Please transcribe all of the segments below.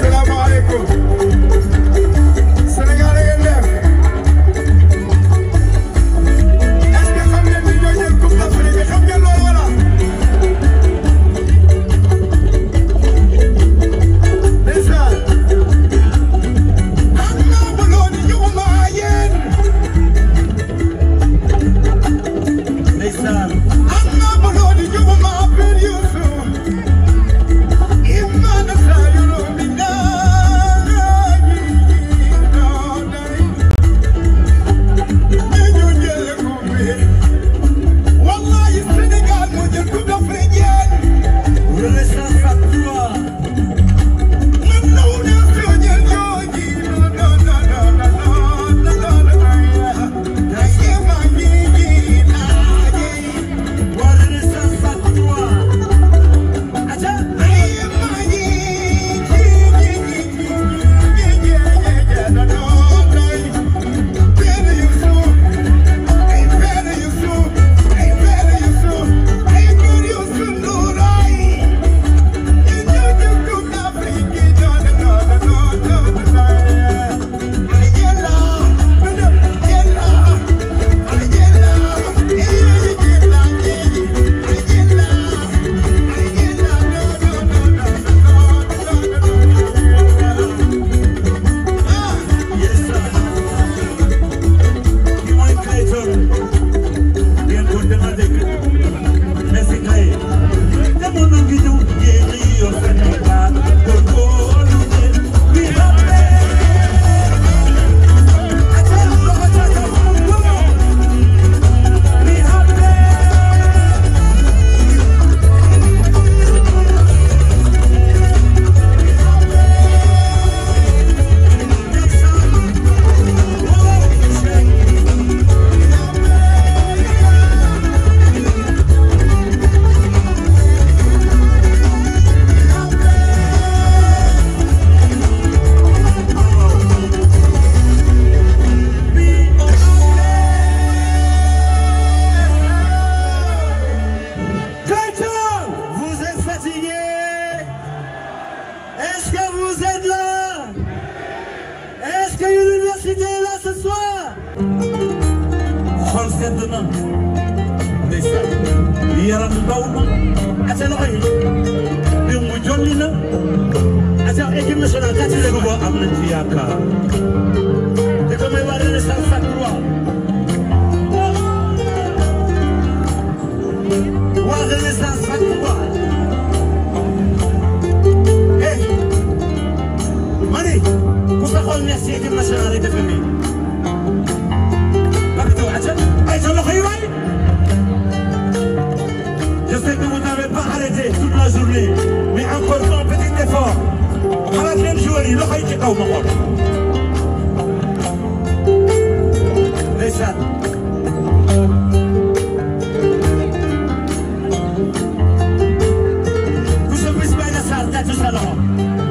salaamaaleykum national gàcce léegi boo am nañ fi yaakaar te comme ay waa renaissance sacroix waa renaissance sacroix eh ma ne ku taxoon merci équipe nationale rek defe nii aw ma oto ndeysaan ku sa bis bay na saar tàccu sa loxo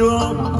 Diop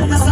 Bye.